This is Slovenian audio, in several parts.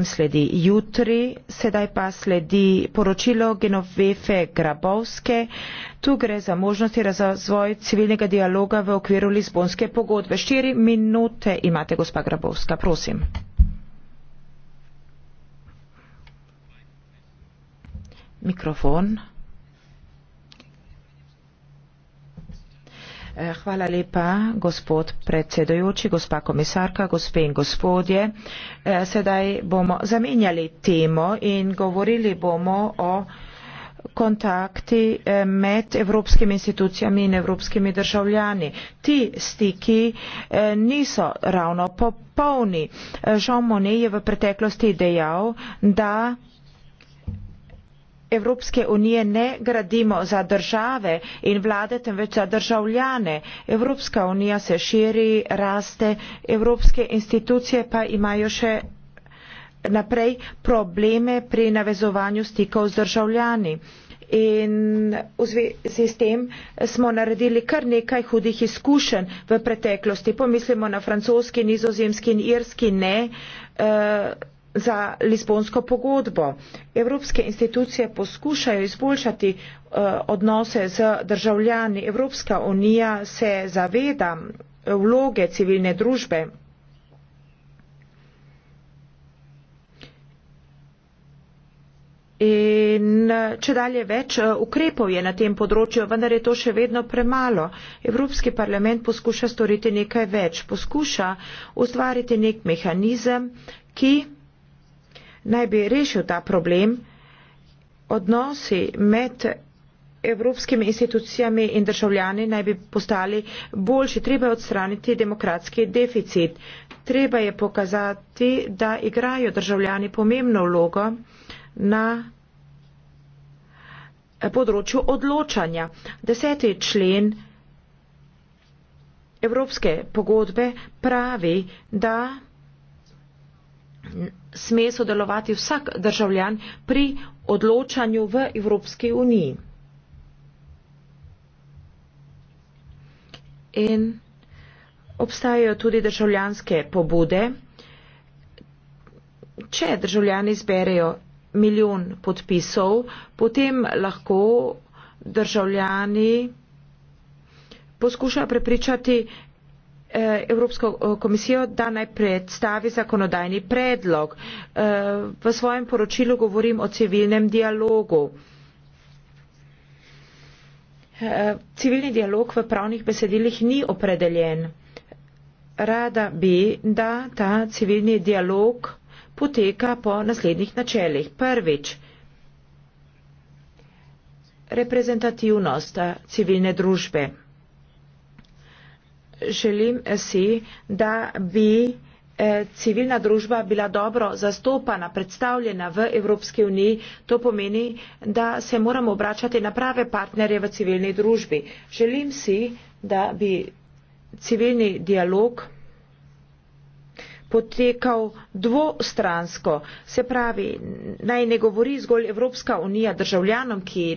sledi jutri, sedaj pa sledi poročilo Genovefe Grabovske. Tu gre za možnosti razvoj civilnega dialoga v okviru Lizbonske pogodbe. Štiri minute imate, gospa Grabovska, prosim. Mikrofon. Eh, hvala lepa, gospod predsedojoči, gospa komisarka, gospe in gospodje. Eh, sedaj bomo zamenjali temo in govorili bomo o kontakti eh, med evropskimi institucijami in evropskimi državljani. Ti stiki niso ravno popolni. Jean Monnet je v preteklosti dejal, da evropske unije ne gradimo za države in vlade temveč za državljane evropska unija se širi raste evropske institucije pa imajo še naprej probleme pri navezovanju stikov z državljani in v zvezi s tem smo naredili kar nekaj hudih izkušenj v preteklosti pomislimo na francoski nizozemski in irski ne uh, za Lizbonsko pogodbo. Evropske institucije poskušajo izboljšati eh, odnose z državljani. Evropska unija se zaveda eh, vloge civilne družbe. In eh, če dalje več, ukrepov je na tem področju, vendar je to še vedno premalo. Evropski parlament poskuša storiti nekaj več, poskuša ustvariti nek mehanizem, ki naj bi rešil ta problem, odnosi med evropskimi institucijami in državljani naj bi postali boljši. Treba je odstraniti demokratski deficit. Treba je pokazati, da igrajo državljani pomembno vlogo na področju odločanja. Deseti člen Evropske pogodbe pravi, da sme sodelovati vsak državljan pri odločanju v Evropski uniji. In obstajajo tudi državljanske pobude. Če državljani zberejo milijon podpisov, potem lahko državljani poskušajo prepričati Eh, Evropsko eh, komisijo, da naj predstavi zakonodajni predlog. Eh, v svojem poročilu govorim o civilnem dialogu. Civilni dialog v pravnih besedilih ni opredeljen. Rada bi, da ta civilni dialog poteka po naslednjih načelih. Prvič, reprezentativnost civilne družbe želim si, da bi eh, civilna družba bila dobro zastopana, predstavljena v Evropski uniji, to pomeni, da se moramo obračati na prave partnerje v civilni družbi. Želim si, da bi civilni dialog potekal dvostransko. Se pravi, naj ne govori zgolj Evropska unija državljanom, ki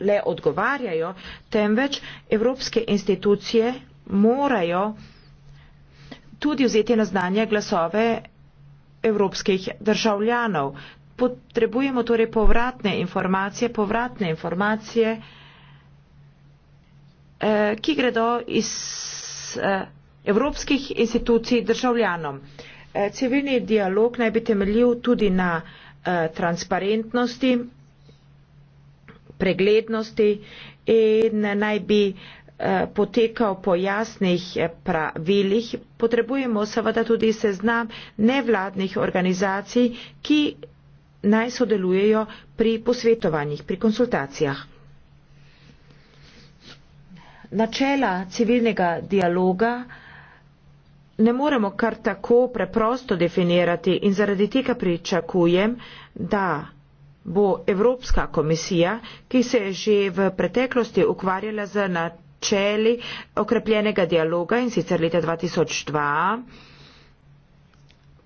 le odgovarjajo, temveč evropske institucije morajo tudi vzeti na znanje glasove evropskih državljanov. Potrebujemo torej povratne informacije, povratne informacije, eh, ki gredo iz eh, evropskih institucij državljanom. Eh, civilni dialog naj bi temeljil tudi na transparentnosti, preglednosti in naj bi Eh, potekal po jasnih eh, pravilih. Potrebujemo seveda tudi seznam nevladnih organizacij, ki naj sodelujejo pri posvetovanjih, pri konsultacijah. Načela civilnega dialoga ne moremo kar tako preprosto definirati in zaradi tega pričakujem, da bo Evropska komisija, ki se je že v preteklosti ukvarjala z načelom, načeli okrepljenega dialoga in sicer leta 2002.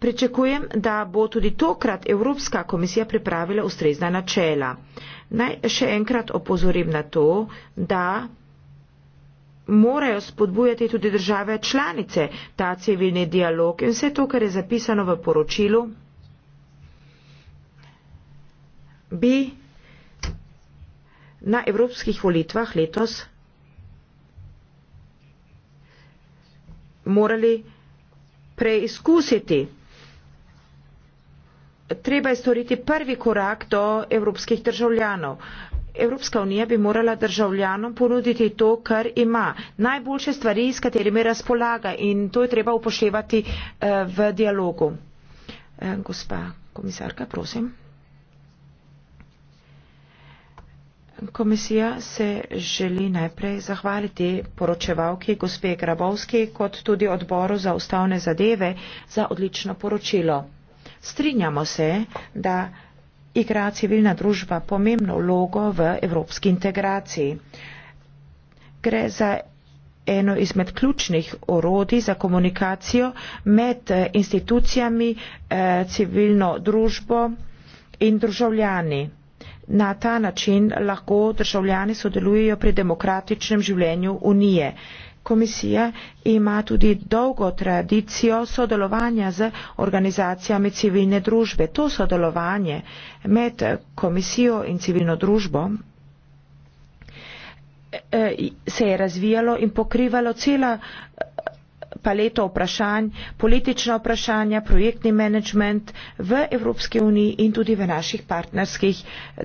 Pričakujem, da bo tudi tokrat Evropska komisija pripravila ustrezna načela. Naj še enkrat opozorim na to, da morajo spodbujati tudi države članice ta civilni dialog in vse to, kar je zapisano v poročilu, bi na evropskih volitvah letos morali preizkusiti. Treba je storiti prvi korak do evropskih državljanov. Evropska unija bi morala državljanom ponuditi to, kar ima. Najboljše stvari, s katerimi razpolaga in to je treba upoštevati eh, v dialogu. Eh, gospa komisarka, prosim. Komisija se želi najprej zahvaliti poročevalki gospe Grabovski kot tudi odboru za ustavne zadeve za odlično poročilo. Strinjamo se, da igra civilna družba pomembno vlogo v evropski integraciji. Gre za eno izmed ključnih orodij za komunikacijo med eh, institucijami, eh, civilno družbo in državljani na ta način lahko državljani sodelujejo pri demokratičnem življenju Unije. Komisija ima tudi dolgo tradicijo sodelovanja z organizacijami civilne družbe. To sodelovanje med komisijo in civilno družbo eh, se je razvijalo in pokrivalo celo paleto vprašanj, politična vprašanja, projektni menedžment v Evropski uniji in tudi v naših partnerskih eh,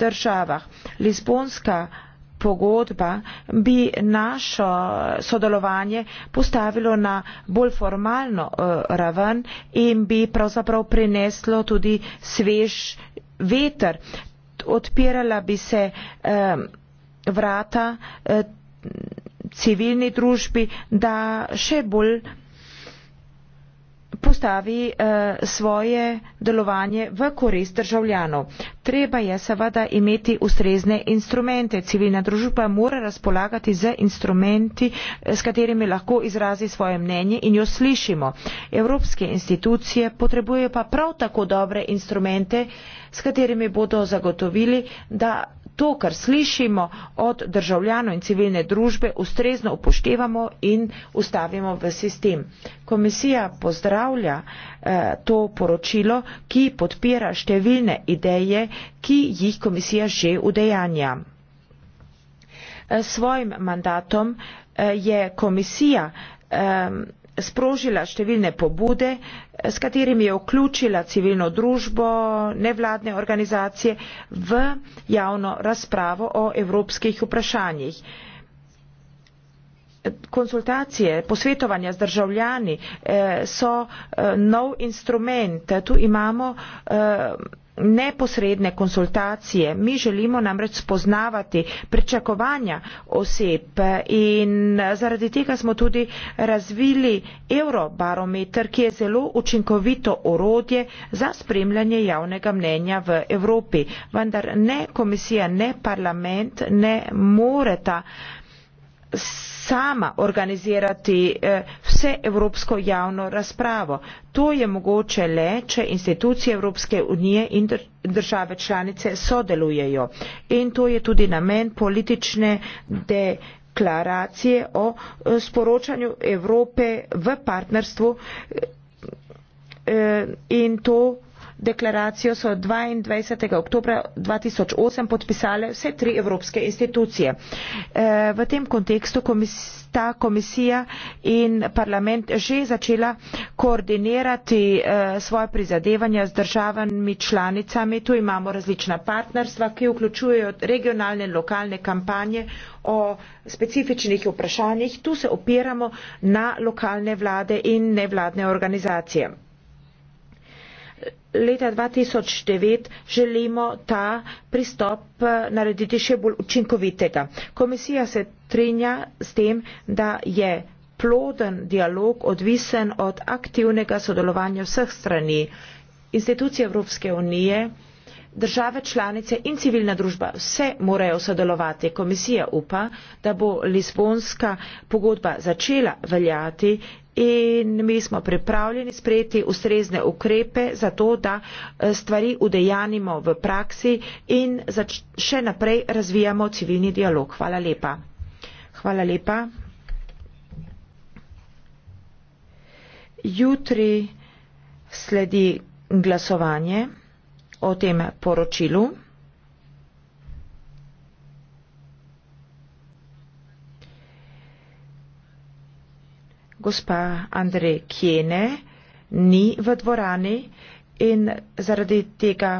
državah. Lizbonska pogodba bi našo eh, sodelovanje postavilo na bolj formalno eh, raven in bi pravzaprav prineslo tudi svež veter. Odpirala bi se vrata civilni družbi da še bolj postavi eh, svoje delovanje v korist državljanov. Treba je seveda imeti ustrezne instrumente. Civilna družba mora razpolagati z instrumenti, eh, s katerimi lahko izrazi svoje mnenje in jo slišimo. Evropske institucije potrebujejo pa prav tako dobre instrumente, s katerimi bodo zagotovili, da to kar slišimo od državljanov in civilne družbe ustrezno upoštevamo in ustavimo v sistem. Komisija pozdravlja eh, to poročilo, ki podpira številne ideje, ki jih komisija že udejanja. Eh, s svojim mandatom eh, je komisija eh, sprožila številne pobude, s katerimi je vključila civilno družbo, nevladne organizacije v javno razpravo o evropskih vprašanjih. Konsultacije, posvetovanja z državljani eh, so eh, nov instrument. Tu imamo eh, neposredne konsultacije. Mi želimo namreč spoznavati pričakovanja oseb in zaradi tega smo tudi razvili eurobarometer, ki je zelo učinkovito orodje za spremljanje javnega mnenja v Evropi. Vendar ne komisija, ne parlament ne moreta uh, sama organizirati eh, vseevropsko javno razpravo. To je mogoče le, če institucije Evropske unije in države članice sodelujejo. In to je tudi namen politične deklaracije o eh, sporočanju Evrope v partnerstvu eh, in to deklaracijo so 22. oktober 2008 podpisale vse tri evropske institucije. Eh, v tem kontekstu ta komisija in parlament že začela koordinirati eh, svoje prizadevanja z državami članicami. Tu imamo različna partnerstva, ki vključujejo regionalne in lokalne kampanje o specifičnih vprašanjih. Tu se opiramo na lokalne vlade in nevladne organizacije leta 2009 želimo ta pristop eh, narediti še bolj učinkovitega. Komisija se trinja s tem, da je ploden dialog odvisen od aktivnega sodelovanja vseh strani, institucije Evropske unije, države članice in civilna družba. Vse morajo sodelovati. Komisija upa, da bo Lisbonska pogodba začela veljati in mi smo pripravljeni sprejeti ustrezne ukrepe za to, da eh, stvari udejanimo v praksi in še naprej razvijamo civilni dialog. Hvala lepa. Hvala lepa. Jutri sledi glasovanje o tem poročilu. gospa Andrej Kjene ni v dvorani in zaradi tega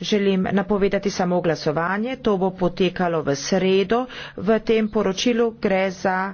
želim napovedati samo glasovanje. To bo potekalo v sredo. V tem poročilu gre za